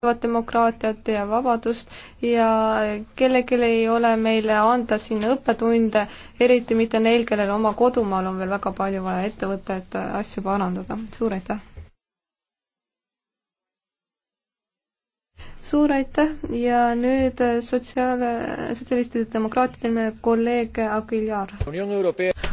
toetavad demokraatiat ja vabadust ja kellelgi ei ole meile anda siin õppetunde, eriti mitte neil, kellel oma kodumaal on veel väga palju vaja ette võtta, et asju parandada. suur aitäh! suur aitäh ja nüüd sotsiaal, sotsialistide demokraatide nimel kolleeg Aguilar.